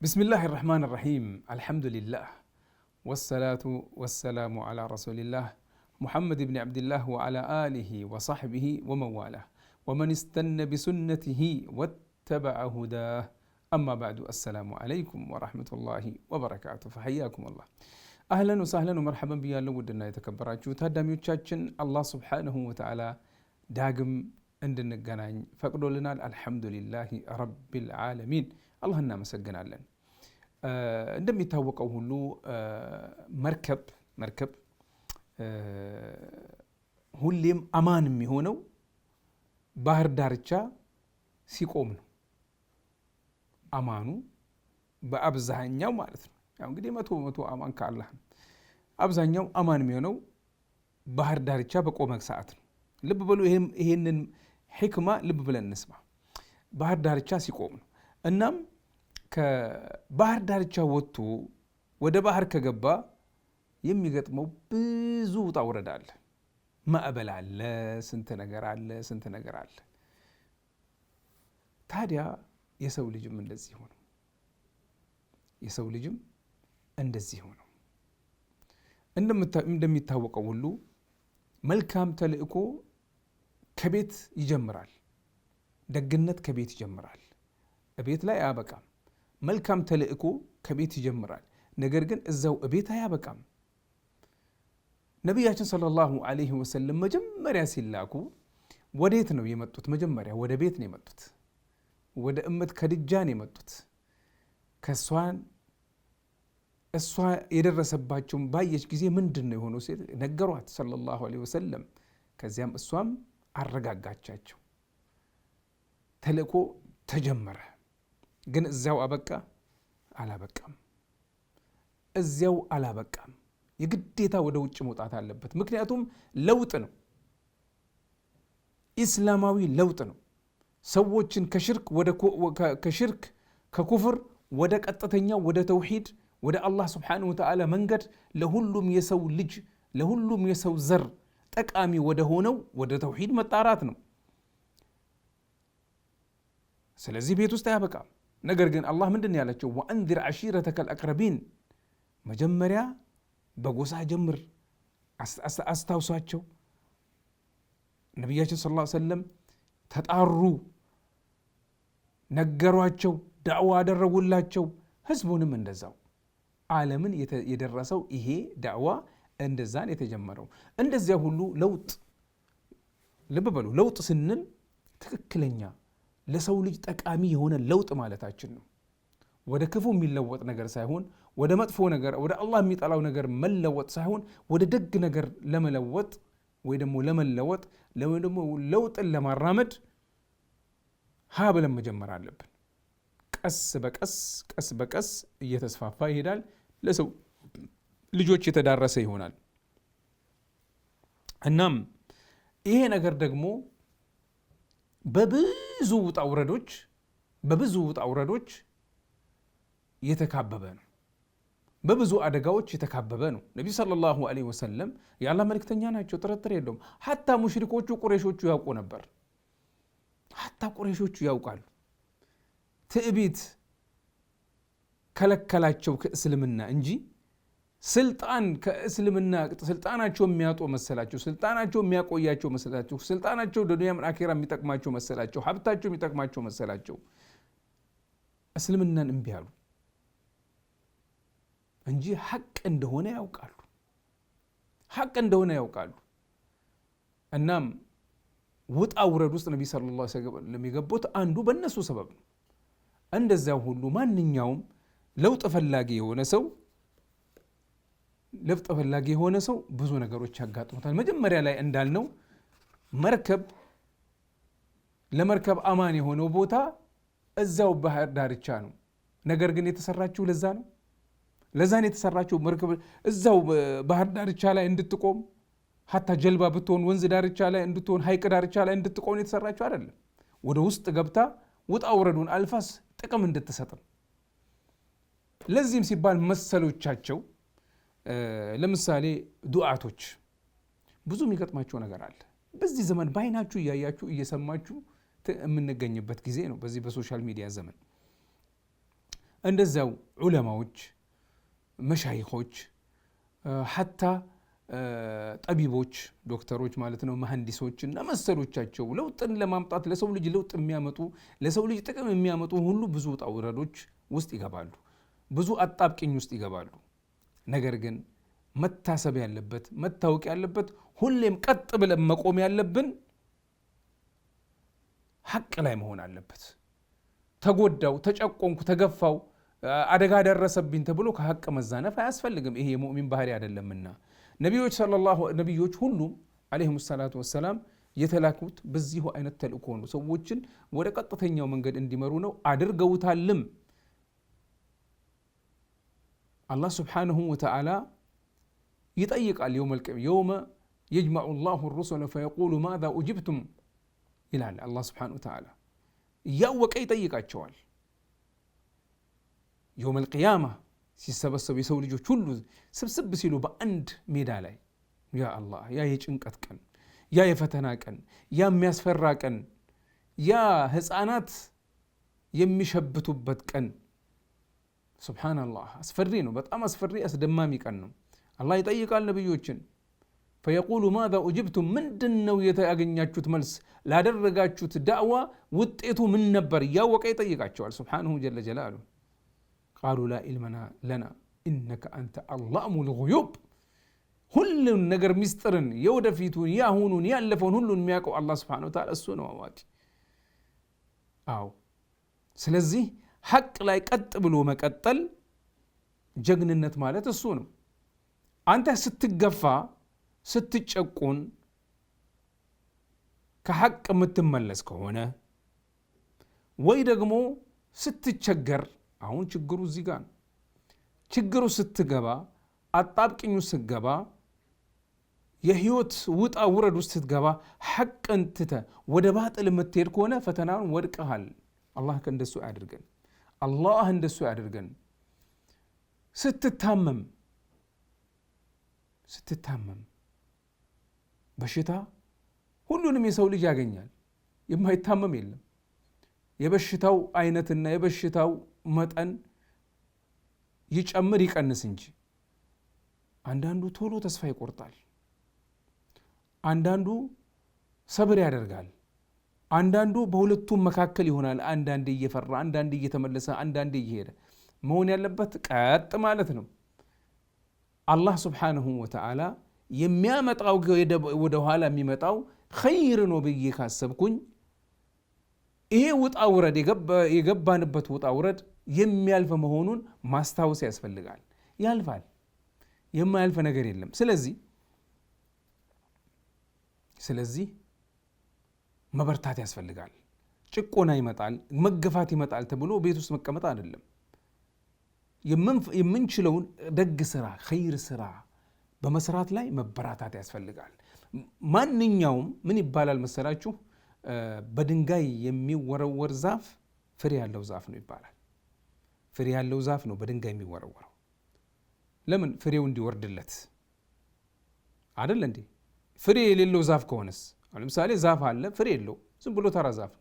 بسم الله الرحمن الرحيم الحمد لله والصلاة والسلام على رسول الله محمد بن عبد الله وعلى آله وصحبه ومن والاه ومن استنى بسنته واتبع هداه أما بعد السلام عليكم ورحمة الله وبركاته فحياكم الله أهلا وسهلا ومرحبا بيا وتعالى داقم عندنا قنان فقدوا لنا الحمد لله رب العالمين الله አላህ እናመሰግናለን እንደሚታወቀው ሁሉ መርከብ መርከብ ሁሌም አማን የሚሆነው ባህር ዳርቻ ሲቆም ነው። አማኑ በአብዛኛው ማለት ነው። ያው እንግዲህ መቶ በመቶ አማን ከአላህ ነው። አብዛኛው አማን የሚሆነው ባህር ዳርቻ በቆመ ሰዓት ነው። ልብ በሉ፣ ይሄንን ሕክማ ልብ ብለን እንስማ። ባህር ዳርቻ ሲቆም ነው። እናም ከባህር ዳርቻ ወጥቶ ወደ ባህር ከገባ የሚገጥመው ብዙ ውጣ ውረድ አለ። ማዕበል አለ፣ ስንት ነገር አለ፣ ስንት ነገር አለ። ታዲያ የሰው ልጅም እንደዚህ ሆነው የሰው ልጅም እንደዚህ ሆነው እንደሚታወቀው ሁሉ መልካም ተልእኮ ከቤት ይጀምራል። ደግነት ከቤት ይጀምራል። እቤት ላይ አያበቃም። መልካም ተልእኮ ከቤት ይጀምራል። ነገር ግን እዛው እቤት አያበቃም። ነቢያችን ሰለላሁ ዐለይሂ ወሰለም መጀመሪያ ሲላኩ ወዴት ነው የመጡት? መጀመሪያ ወደ ቤት ነው የመጡት። ወደ እመት ከድጃ ነው የመጡት። ከእሷን እሷ የደረሰባቸውን ባየች ጊዜ ምንድን ነው የሆነው ሲል ነገሯት ሰለላሁ ዐለይሂ ወሰለም። ከዚያም እሷም አረጋጋቻቸው። ተልእኮ ተጀመረ። ግን እዚያው አበቃ? አላበቃም። እዚያው አላበቃም። የግዴታ ወደ ውጭ መውጣት አለበት። ምክንያቱም ለውጥ ነው፣ ኢስላማዊ ለውጥ ነው። ሰዎችን ከሽርክ ከሽርክ ከኩፍር ወደ ቀጥተኛው ወደ ተውሂድ ወደ አላህ ስብሓነሁ ወተዓላ መንገድ ለሁሉም የሰው ልጅ ለሁሉም የሰው ዘር ጠቃሚ ወደ ሆነው ወደ ተውሂድ መጣራት ነው። ስለዚህ ቤት ውስጥ አያበቃም። ነገር ግን አላህ ምንድን ያላቸው ወአንዚር ዓሺረተከ አቅረቢን መጀመሪያ በጎሳ ጀምር አስታውሷቸው ነቢያችን ስለ ዐለይሂ ተጣሩ፣ ነገሯቸው፣ ዳዕዋ አደረጉላቸው። ህዝቡንም እንደዛው ዓለምን የደረሰው ይሄ ዳዕዋ እንደዛን የተጀመረው እንደዚያ ሁሉ ለውጥ ልብ በሉ ለውጥ ስንል ትክክለኛ ለሰው ልጅ ጠቃሚ የሆነ ለውጥ ማለታችን ነው። ወደ ክፉ የሚለወጥ ነገር ሳይሆን ወደ መጥፎ ነገር፣ ወደ አላህ የሚጠላው ነገር መለወጥ ሳይሆን ወደ ደግ ነገር ለመለወጥ ወይ ደግሞ ለመለወጥ ወይ ደግሞ ለውጥን ለማራመድ ሀ ብለን መጀመር አለብን። ቀስ በቀስ ቀስ በቀስ እየተስፋፋ ይሄዳል። ለሰው ልጆች የተዳረሰ ይሆናል። እናም ይሄ ነገር ደግሞ በብዙ ውጣ ውረዶች በብዙ ውጣ ውረዶች የተካበበ ነው። በብዙ አደጋዎች የተካበበ ነው። ነቢዩ ሰለላሁ ዐለይሂ ወሰለም የአላህ መልክተኛ ናቸው፣ ጥርጥር የለውም። ሀታ ሙሽሪኮቹ ቁሬሾቹ ያውቁ ነበር። ሀታ ቁሬሾቹ ያውቃሉ። ትዕቢት ከለከላቸው ከእስልምና እንጂ ስልጣን ከእስልምና ስልጣናቸው የሚያጦ መሰላቸው፣ ስልጣናቸው የሚያቆያቸው መሰላቸው፣ ስልጣናቸው ለዱንያም አኼራ የሚጠቅማቸው መሰላቸው፣ ሀብታቸው የሚጠቅማቸው መሰላቸው። እስልምናን እምቢ አሉ እንጂ ሀቅ እንደሆነ ያውቃሉ። ሀቅ እንደሆነ ያውቃሉ። እናም ውጣ ውረድ ውስጥ ነቢ ሰለላሁ ዐለይሂ ወሰለም የገቡት አንዱ በእነሱ ሰበብ ነው። እንደዚያ ሁሉ ማንኛውም ለውጥ ፈላጊ የሆነ ሰው ለውጥ ፈላጊ የሆነ ሰው ብዙ ነገሮች ያጋጥሙታል። መጀመሪያ ላይ እንዳልነው መርከብ ለመርከብ አማን የሆነው ቦታ እዛው ባህር ዳርቻ ነው። ነገር ግን የተሰራችው ለዛ ነው። ለዛን የተሰራችው መርከብ እዛው ባህር ዳርቻ ላይ እንድትቆም ሀታ ጀልባ ብትሆን ወንዝ ዳርቻ ላይ እንድትሆን ሀይቅ ዳርቻ ላይ እንድትቆም የተሰራችው አይደለም። ወደ ውስጥ ገብታ ውጣ ውረዱን አልፋስ ጥቅም እንድትሰጥም ለዚህም ሲባል መሰሎቻቸው ለምሳሌ ዱዓቶች ብዙ የሚገጥማቸው ነገር አለ። በዚህ ዘመን በአይናችሁ እያያችሁ እየሰማችሁ የምንገኝበት ጊዜ ነው። በዚህ በሶሻል ሚዲያ ዘመን እንደዚያው ዑለማዎች፣ መሻይኾች፣ ሐታ ጠቢቦች፣ ዶክተሮች ማለት ነው፣ መሐንዲሶች እና መሰሎቻቸው ለውጥን ለማምጣት ለሰው ልጅ ለውጥ የሚያመጡ ለሰው ልጅ ጥቅም የሚያመጡ ሁሉ ብዙ ውጣ ውረዶች ውስጥ ይገባሉ። ብዙ አጣብቂኝ ውስጥ ይገባሉ። ነገር ግን መታሰብ ያለበት መታወቅ ያለበት ሁሌም ቀጥ ብለን መቆም ያለብን ሀቅ ላይ መሆን አለበት። ተጎዳው፣ ተጨቆንኩ፣ ተገፋው፣ አደጋ ደረሰብኝ ተብሎ ከሀቅ መዛነፍ አያስፈልግም። ይሄ የሙእሚን ባህሪ አይደለምና ነቢዮች ሰለላሁ ነቢዮች ሁሉም አለይሂም ሰላቱ ወሰላም የተላኩት በዚሁ አይነት ተልእኮ ነው። ሰዎችን ወደ ቀጥተኛው መንገድ እንዲመሩ ነው። አድርገውታልም። الله سبحانه وتعالى يطيق اليوم الكريم يوم يجمع الله الرسل فيقول ماذا أجبتم إلى الله سبحانه وتعالى يوك أي طيق أجوال يوم القيامة سيسبسب يسول جو كله سبسب بسيلو بأند ميدالي يا الله يا يجنكت كان يا يفتنا كان يا مياسفرا كان يا هسانات يمشبتو بتكن كان ስብሓንላህ አስፈሪ ነው በጣም አስፈሪ አስደማሚ ቀን ነው አላህ ይጠይቃል ነቢዮችን ፈየቁሉ ማዛ ኡጅብቱም ምንድን ነው ያገኛችሁት መልስ ላደረጋችሁት ዳዕዋ ውጤቱ ምን ነበር እያወቀ ይጠይቃቸዋል ስብሓንሁ ጀለ ጀላሉ ቃሉ ላ ኢልመና ለና ኢነከ አንተ አላሙ ልዩብ ሁሉን ነገር ሚስጥርን የወደፊቱን የአሁኑን ያለፈውን ሁሉን የሚያውቀው አላህ ስብሓን ተዓላ እሱ ነው አዋቂ አዎ ስለዚህ ሐቅ ላይ ቀጥ ብሎ መቀጠል ጀግንነት ማለት እሱ ነው። አንተ ስትገፋ፣ ስትጨቁን ከሐቅ የምትመለስ ከሆነ ወይ ደግሞ ስትቸገር፣ አሁን ችግሩ እዚህ ጋር ነው። ችግሩ ስትገባ፣ አጣብቅኙ ስትገባ፣ የህይወት ውጣ ውረድ ውስጥ ስትገባ፣ ሐቅን ትተ ወደ ባጥል የምትሄድ ከሆነ ፈተናውን ወድቀሃል። አላህ ከእንደሱ አያድርገን። አላህ እንደሱ ያደርገን። ስትታመም ስትታመም በሽታ ሁሉንም የሰው ልጅ ያገኛል። የማይታመም የለም። የበሽታው አይነትና የበሽታው መጠን ይጨምር ይቀንስ እንጂ አንዳንዱ ቶሎ ተስፋ ይቆርጣል፣ አንዳንዱ ሰብር ያደርጋል። አንዳንዱ በሁለቱም መካከል ይሆናል። አንዳንዴ እየፈራ፣ አንዳንዴ እየተመለሰ፣ አንዳንዴ እየሄደ መሆን ያለበት ቀጥ ማለት ነው። አላህ ስብሓነሁ ወተዓላ የሚያመጣው ወደኋላ የሚመጣው ኸይር ነው ብዬ ካሰብኩኝ ይሄ ውጣ ውረድ የገባንበት ውጣ ውረድ የሚያልፍ መሆኑን ማስታወስ ያስፈልጋል። ያልፋል፣ የማያልፍ ነገር የለም። ስለዚህ ስለዚህ መበርታት ያስፈልጋል። ጭቆና ይመጣል፣ መገፋት ይመጣል ተብሎ ቤት ውስጥ መቀመጥ አይደለም። የምንችለውን ደግ ስራ፣ ኸይር ስራ በመስራት ላይ መበራታት ያስፈልጋል። ማንኛውም ምን ይባላል መሰላችሁ፣ በድንጋይ የሚወረወር ዛፍ ፍሬ ያለው ዛፍ ነው ይባላል። ፍሬ ያለው ዛፍ ነው በድንጋይ የሚወረወረው። ለምን? ፍሬው እንዲወርድለት አደለ እንዴ? ፍሬ የሌለው ዛፍ ከሆነስ ለምሳሌ ዛፍ አለ፣ ፍሬ የለው፣ ዝም ብሎ ተራ ዛፍ።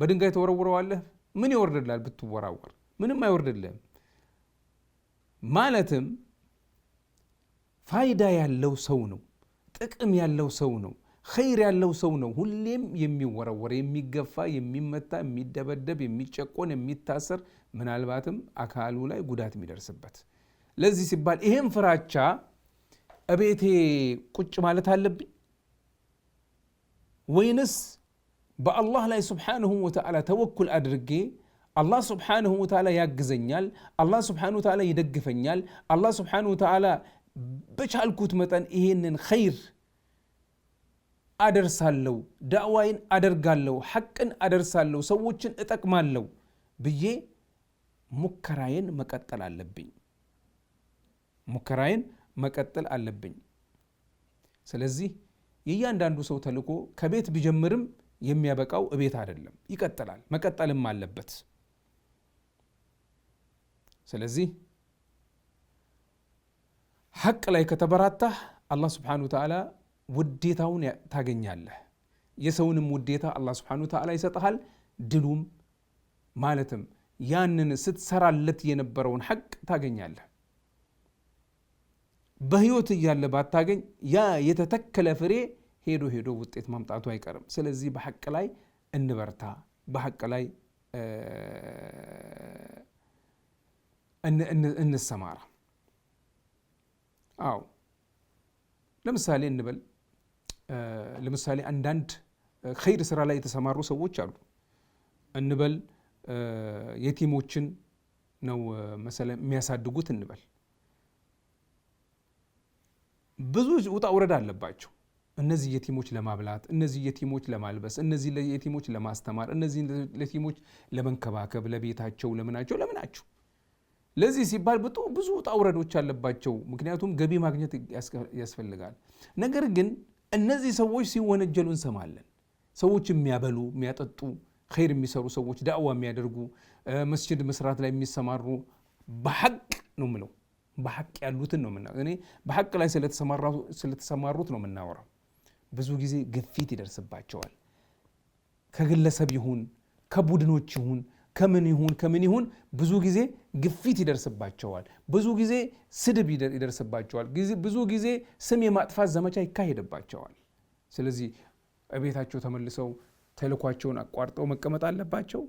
በድንጋይ ተወረውረዋለህ፣ ምን ይወርድላል? ብትወራወር ምንም አይወርድልህም። ማለትም ፋይዳ ያለው ሰው ነው፣ ጥቅም ያለው ሰው ነው፣ ኸይር ያለው ሰው ነው። ሁሌም የሚወረወር የሚገፋ፣ የሚመታ፣ የሚደበደብ፣ የሚጨቆን፣ የሚታሰር ምናልባትም አካሉ ላይ ጉዳት የሚደርስበት። ለዚህ ሲባል ይህም ፍራቻ እቤቴ ቁጭ ማለት አለብኝ ወይንስ በአላህ ላይ ስብሓንሁ ወተዓላ ተወኩል አድርጌ አላህ ስብሓንሁ ወተዓላ ያግዘኛል፣ አላህ ስብሓንሁ ወተዓላ ይደግፈኛል፣ አላህ ስብሓንሁ ወተዓላ በቻልኩት መጠን ይሄንን ኸይር አደርሳለሁ፣ ዳዕዋይን አደርጋለሁ፣ ሐቅን አደርሳለሁ፣ ሰዎችን እጠቅማለሁ ብዬ ሙከራዬን መቀጠል አለብኝ። ሙከራዬን መቀጠል አለብኝ። ስለዚህ የእያንዳንዱ ሰው ተልእኮ ከቤት ቢጀምርም የሚያበቃው እቤት አይደለም፣ ይቀጥላል፣ መቀጠልም አለበት። ስለዚህ ሐቅ ላይ ከተበራታህ አላህ ስብሓነሁ ወተዓላ ውዴታውን ታገኛለህ። የሰውንም ውዴታ አላህ ስብሓነሁ ወተዓላ ይሰጥሃል። ድሉም ማለትም ያንን ስትሰራለት የነበረውን ሐቅ ታገኛለህ። በህይወት እያለ ባታገኝ ያ የተተከለ ፍሬ ሄዶ ሄዶ ውጤት ማምጣቱ አይቀርም። ስለዚህ በሐቅ ላይ እንበርታ፣ በሐቅ ላይ እንሰማራ። አዎ ለምሳሌ እንበል ለምሳሌ አንዳንድ ኸይር ስራ ላይ የተሰማሩ ሰዎች አሉ እንበል የቲሞችን ነው መሰለ የሚያሳድጉት እንበል ብዙ ውጣ ውረድ አለባቸው። እነዚህ የቲሞች ለማብላት፣ እነዚህ የቲሞች ለማልበስ፣ እነዚህ የቲሞች ለማስተማር፣ እነዚህ ለቲሞች ለመንከባከብ፣ ለቤታቸው፣ ለምናቸው፣ ለምናቸው። ለዚህ ሲባል ብጡ ብዙ ውጣ ውረዶች አለባቸው። ምክንያቱም ገቢ ማግኘት ያስፈልጋል። ነገር ግን እነዚህ ሰዎች ሲወነጀሉ እንሰማለን። ሰዎች የሚያበሉ የሚያጠጡ ኸይር የሚሰሩ ሰዎች ዳዕዋ የሚያደርጉ መስጅድ መስራት ላይ የሚሰማሩ በሐቅ ነው ምለው በሀቅ ያሉትን ነው ምና እኔ በሀቅ ላይ ስለተሰማሩት ነው የምናወራው። ብዙ ጊዜ ግፊት ይደርስባቸዋል። ከግለሰብ ይሁን ከቡድኖች ይሁን ከምን ይሁን ከምን ይሁን ብዙ ጊዜ ግፊት ይደርስባቸዋል። ብዙ ጊዜ ስድብ ይደርስባቸዋል። ብዙ ጊዜ ስም የማጥፋት ዘመቻ ይካሄድባቸዋል። ስለዚህ እቤታቸው ተመልሰው ተልኳቸውን አቋርጠው መቀመጥ አለባቸው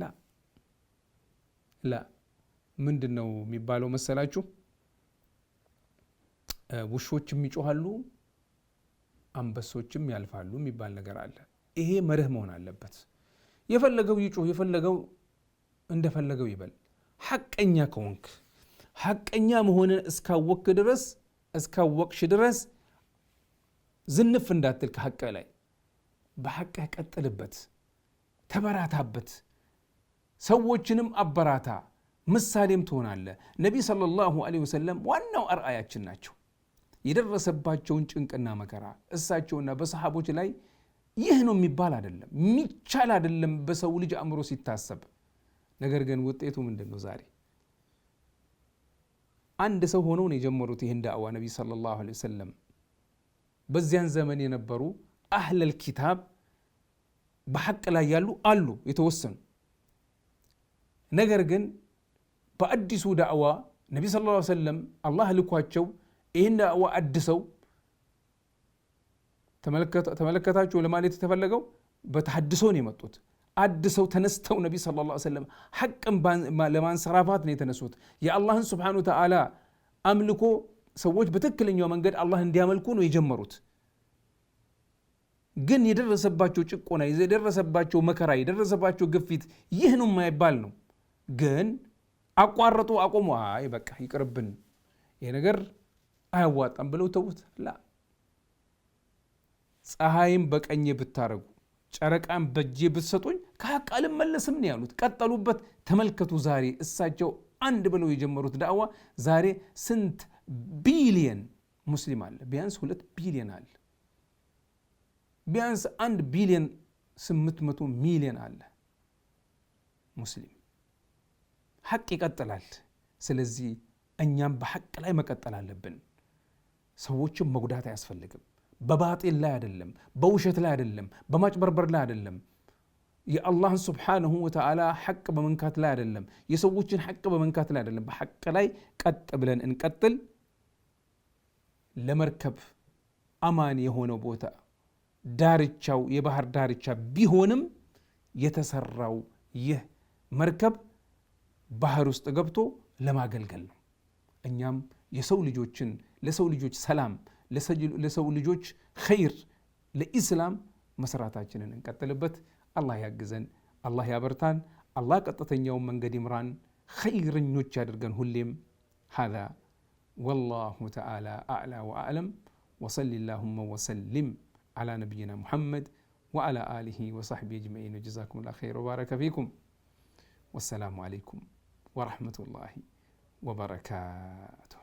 ላ ላ ምንድን ነው የሚባለው መሰላችሁ? ውሾችም ይጮሃሉ፣ አንበሶችም ያልፋሉ የሚባል ነገር አለ። ይሄ መርህ መሆን አለበት። የፈለገው ይጮህ፣ የፈለገው እንደፈለገው ይበል። ሐቀኛ ከሆንክ ሐቀኛ መሆንን እስካወቅክ ድረስ እስካወቅሽ ድረስ ዝንፍ እንዳትል ከሐቅህ ላይ በሐቅህ ቀጥልበት፣ ተበራታበት፣ ሰዎችንም አበራታ። ምሳሌም ትሆናለ። ነቢይ ሰለላሁ ዐለይሂ ወሰለም ዋናው አርአያችን ናቸው። የደረሰባቸውን ጭንቅና መከራ እሳቸውና በሰሃቦች ላይ ይህ ነው የሚባል አይደለም፣ የሚቻል አይደለም በሰው ልጅ አእምሮ ሲታሰብ። ነገር ግን ውጤቱ ምንድን ነው? ዛሬ አንድ ሰው ሆነው ነው የጀመሩት ይህን ዳዕዋ ነቢይ ሰለላሁ ዐለይሂ ወሰለም። በዚያን ዘመን የነበሩ አህለል ኪታብ በሐቅ ላይ ያሉ አሉ የተወሰኑ ነገር ግን በአዲሱ ዳዕዋ ነቢ ስለ ላ ሰለም አላህ ልኳቸው ይህን ዳዕዋ አድሰው ተመለከታችሁ ለማለት የተፈለገው በተሐድሶ ነው የመጡት። አድሰው ተነስተው ነቢ ስለ ላ ሰለም ሐቅን ለማንሰራፋት ነው የተነሱት። የአላህን ስብሓነ ተዓላ አምልኮ ሰዎች በትክክለኛው መንገድ አላህ እንዲያመልኩ ነው የጀመሩት። ግን የደረሰባቸው ጭቆና፣ የደረሰባቸው መከራ፣ የደረሰባቸው ግፊት ይህን የማይባል ነው ግን አቋረጡ፣ አቆሙ። አይ በቃ ይቅርብን፣ ይሄ ነገር አያዋጣም ብለው ተዉት። ላ ፀሐይም በቀኝ ብታረጉ ጨረቃም በእጄ ብትሰጡኝ ከሀቅ አልመለስም ነው ያሉት። ቀጠሉበት። ተመልከቱ፣ ዛሬ እሳቸው አንድ ብለው የጀመሩት ዳዕዋ ዛሬ ስንት ቢሊየን ሙስሊም አለ? ቢያንስ ሁለት ቢሊየን አለ። ቢያንስ አንድ ቢሊየን ስምንት መቶ ሚሊየን አለ ሙስሊም ሐቅ ይቀጥላል። ስለዚህ እኛም በሐቅ ላይ መቀጠል አለብን። ሰዎችን መጉዳት አያስፈልግም። በባጢል ላይ አይደለም፣ በውሸት ላይ አይደለም፣ በማጭበርበር ላይ አይደለም፣ የአላህን ስብሓነሁ ወተዓላ ሐቅ በመንካት ላይ አይደለም፣ የሰዎችን ሐቅ በመንካት ላይ አይደለም። በሐቅ ላይ ቀጥ ብለን እንቀጥል። ለመርከብ አማን የሆነው ቦታ ዳርቻው የባህር ዳርቻ ቢሆንም የተሰራው ይህ መርከብ ባህር ውስጥ ገብቶ ለማገልገል ነው። እኛም የሰው ልጆችን ለሰው ልጆች ሰላም፣ ለሰው ልጆች ኸይር፣ ለኢስላም መስራታችንን እንቀጥልበት። አላህ ያግዘን፣ አላህ ያበርታን፣ አላህ ቀጥተኛውን መንገድ ይምራን፣ ኸይረኞች ያድርገን ሁሌም። ሀዛ ወላሁ ተዓላ አዕላ ወአዕለም። ወሰሊ ላሁመ ወሰሊም ዓላ ነቢይና ሙሐመድ وعلى آله وصحبه أجمعين وجزاكم الله خير وبارك فيكم والسلام عليكم ورحمة الله وبركاته